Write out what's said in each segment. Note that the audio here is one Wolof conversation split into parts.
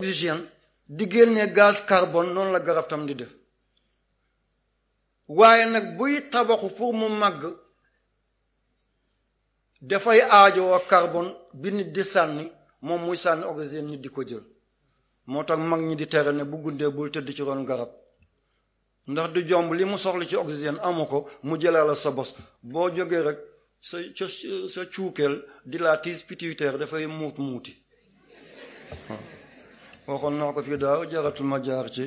oxygène di génne gaz carbone noonu la garab tam di def waaye nag buy tabaxu pour mu màgg dafay aajowoo carbone bi nit di sànni moom muy sànni oxygène nit di ko jël moo tax mag ñi di tere ne bu gundee bul tëdd ci ron garab ndax du jomb li mu soxla ci oxygène amu ko mu jëlal la sa bos boo jógee rek sa sa sa cuukeel di la tiis pituitaire dafay muut muuti waxoon naa ko fii daaw jaratul jaar ci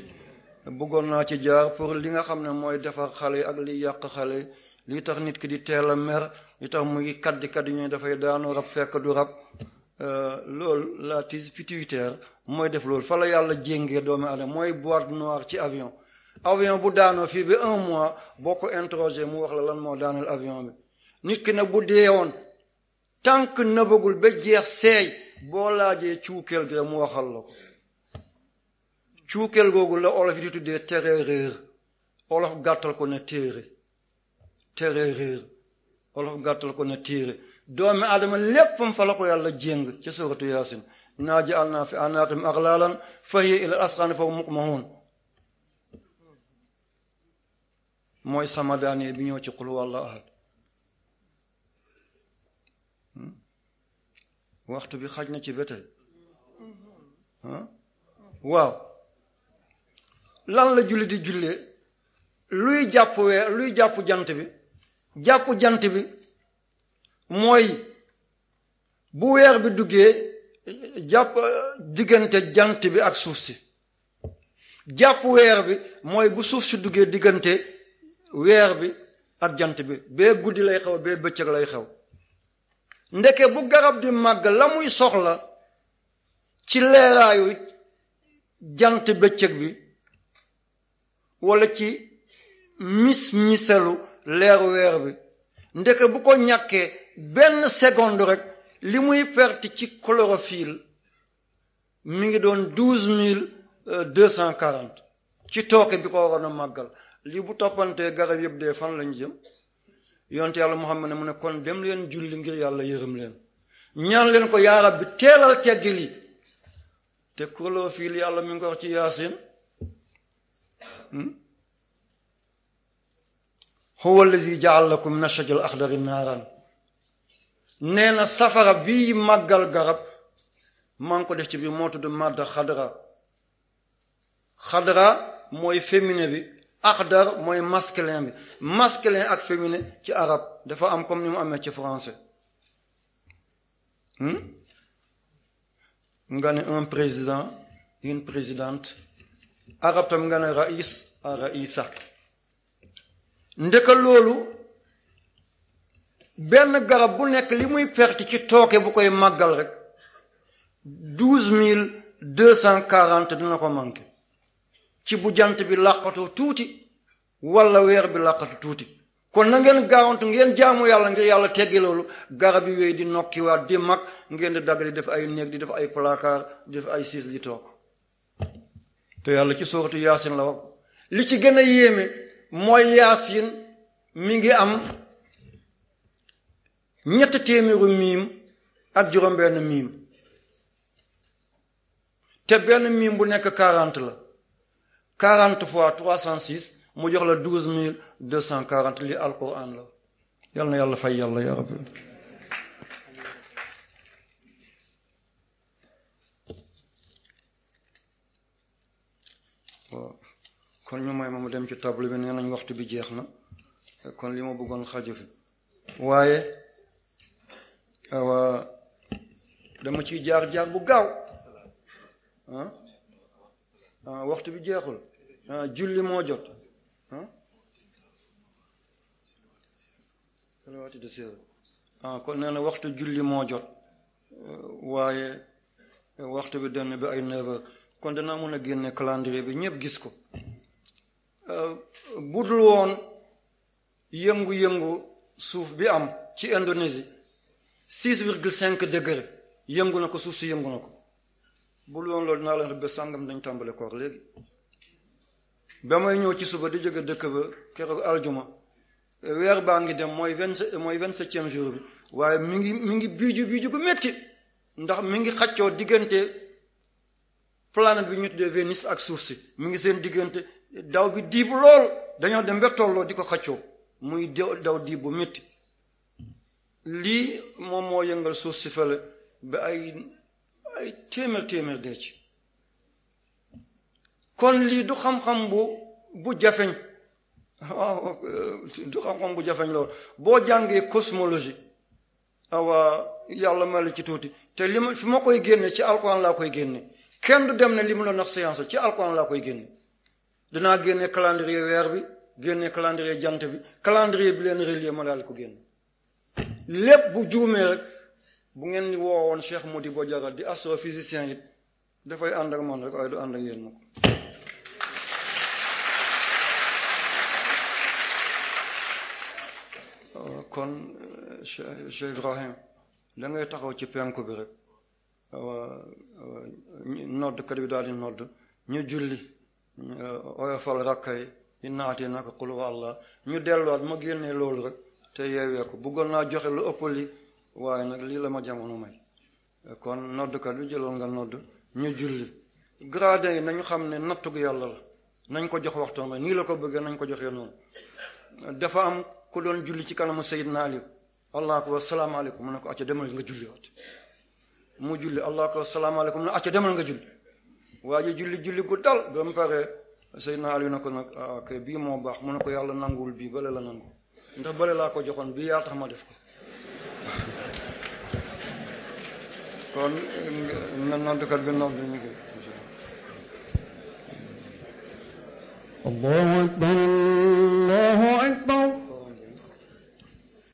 bëggoon naa ci jaar pour li nga xam ne mooy defar xale yi ak li yàq xale li tax nit ki di teel a mer li tax muy kaddi kaddi ñu dafay daanu rab fekk du rab euh, loolu la tige pituitaire mooy def loolu fa la yàlla jéngee doomu aadama mooy boîte noire ci avion avion bu daanoo fii bi un mois boo ko interrogé mu wax la lan moo daaneel avion bi nit ki nag bu deewoon tant que nëbëgul ba jeex seey boo laajee cuukeel gi mu waxal la cuukeel googu la olof yi di tuddee tere réer olof gàttal ko na téere tere réer olof gàttal ko na téere doomi aadama léppam fa la ko yàlla jéng ci suratu yaasin inna ja'alna fi anaaqihim aghlaalan fa hiya ila asqaani fa hum muqmahun mooy samadaane bi ñëw ci qul huwallahu ahad hmm? waxtu bi xaj na ci bétey hmm? waaw lan la julli di jullee luy jàpp weer luy jàpp jant bi jàpp jant bi mooy bu weer bi duggee jàpp euh, diggante jant bi ak suuf si jàpp weer bi mooy bu suuf si duggee diggante weer bi ak jant bi bee guddi lay xew bee bëccëg lay xew ndeke bu garab di màgg la muy soxla ci leeraayu jant bëccëg bi wala ci mis misalu leeru weer bi ndeke bu ko ñàkkee benn seconde rek li muy perte ci chlorophylle mu ngi doon douze mille deux cent quarante ci tooke bi ko waroon a màggal lii bu toppantee garab yëpp dee fan lañu jëm yonte yàlla Muhammad ne mu ne kon dem leen julli ngir yàlla yërëm leen ñaan leen ko yaarab bi teelal teggi li te chlorophylle yàlla mu ngi ko wax ci yaasin Hmm? huwa allazi ja'al lakum min ash-shajari al-akhdari naaran nee na safara bi màggal garab maa ngi ko def ci biir moo tudd madda xadra xadra mooy féminin bi akhdar mooy masculin bi masculin ak féminin ci arab dafa am comme ni mu amee ci français hmm? nga ne un président une présidente arab tam nga ne rais a raisa ndeka loolu benn garab bu nekk li muy perte ci tooke bu koy màggal rek douze mille deux cent quarante dina ko manqué ci bu jant bi làqatoo tuuti wala weer bi làqatu tuuti kon na ngeen garantu ngeen jaamu yàlla ngir yàlla teggi loolu garab yi wéy di nokkiwaat di mag ngeen di dagg di def ay néeg di def ay placard di def ay siis di toog te yàlla ci sooratu yaasin la wax li ci gën a yéeme mooy yaasin mi ngi am ñett téeméeru miim ak juróom benn miim te benn miim bu nekk quarante la quarante fois trois cent six mu jox la douze mille deux cent quarante li alquran la yal na yàlla fay yàlla ya kon ñu may ma mu dem ci table bi nee nañ waxtu bi jeex na kon li ma bëggoon xaju fi waaye awa dama ciy jaar-jaar bu gaaw ah? Ah, waxtu bi jeexul ah, julli moo jot ah kon nee na waxtu julli moo jot waaye waxtu bi denn bi ay neuf kon danaa mën a génne calendrier bi ñëpp gis ko euh, budul woon yëngu-yëngu suuf bi am ci Indonésie six virgule cinq degré yëngu na ko suuf si yëngu na ko budul woon loolu naa la rëbbe sàngam dañ tàmbale koor léegi ba may ñëw ci suba di jóge dëkk ba keroog aljuma weer baa ngi dem mooy vingt mooy vingt septième jour bi waaye mi ngi mi ngi biiju biiju gu metti ndax mi ngi xaccoo diggante planète bi ñu de Vénus ak suuf si mu ngi seen diggante daw bi diibu lool dañoo dem ba tolloo di ko xaccoo muy daw diib bu métti lii moom moo yëngal suuf si fële ba ay ay téeméer dee ci kon lii du xam-xam bu bu jafeñ euh, du xam-xam bu jafeñ lool boo jàngee cosmologie awa ah yàlla mel ci tuuti te li ma fi ma koy génne ci alxuraan laa koy génne kenn du dem ne li mu doon wax séance ci alquran laa koy génne danaa génne calendrier weer bi génne calendrier jant bi calendrier bi leen relier ma daal ko génne lépp bu juumee rek bu ngeen di woowoon Cheikh Modibo Diarra di astrophysicien it dafay ànd ak man rek waaye du ànd ak yéen ko oh, kon euh, Cheikh Ibrahim da ngay taxaw ci penku bi rek noddkat bi daal di nodd ñu julli oyofal rakka yi naat yi naka xul wàlla ñu delluwaat ma génnee loolu rek te yeewee ko bëggoon naa joxe lu ëpp li waaye nag lii la ma jamono may kon noddkat bi jëloon nga nodd ñu julli gradé yi nañu xam ne nattug yàlla la nañ ko jox waxtoon rek nii la ko bëggee nañ ko joxee noonu dafa am ku doon julli ci kanamu Seydina Ali allahu akbar salaamaaleykum mu ne ko acca demal nga julliwaat mu julli allah akbar salaamaaleykum na acca demal nga julli waa julli julli gu dal ba mu pare Seydina Ali na ko nag ah bii moo baax mu ne ko yàlla nanguwul bii bale la nangu ndax bale laa ko joxoon bii yaa tax ma def ko na noddukat bi nodd ñu ko. Allahu